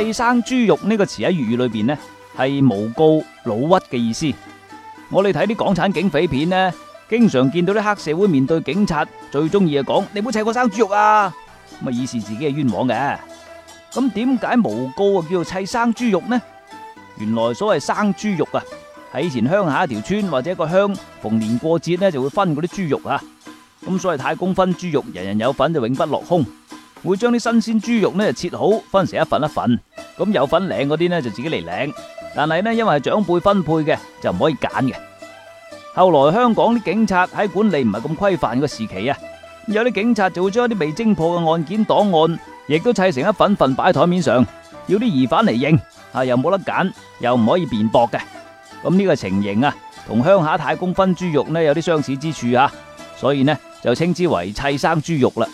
砌生豬肉個詞呢個詞喺粵語裏邊呢係誣告老屈嘅意思。我哋睇啲港產警匪片呢，經常見到啲黑社會面對警察最中意啊講：你唔好砌我生豬肉啊！咁啊，以示自己係冤枉嘅。咁點解誣告啊叫做砌生豬肉呢？原來所謂生豬肉啊，喺以前鄉下一條村或者一個鄉逢年過節呢就會分嗰啲豬肉啊。咁所謂太公分豬肉，人人有份就永不落空。會將啲新鮮豬肉呢切好，分成一份一份，咁有份領嗰啲呢就自己嚟領。但係呢，因為係長輩分配嘅，就唔可以揀嘅。後來香港啲警察喺管理唔係咁規範嘅時期啊，有啲警察就會將一啲未偵破嘅案件檔案，亦都砌成一份份擺喺台面上，要啲疑犯嚟認，啊又冇得揀，又唔可以辯駁嘅。咁呢個情形啊，同鄉下太公分豬肉呢有啲相似之處啊，所以呢就稱之為砌生豬肉啦。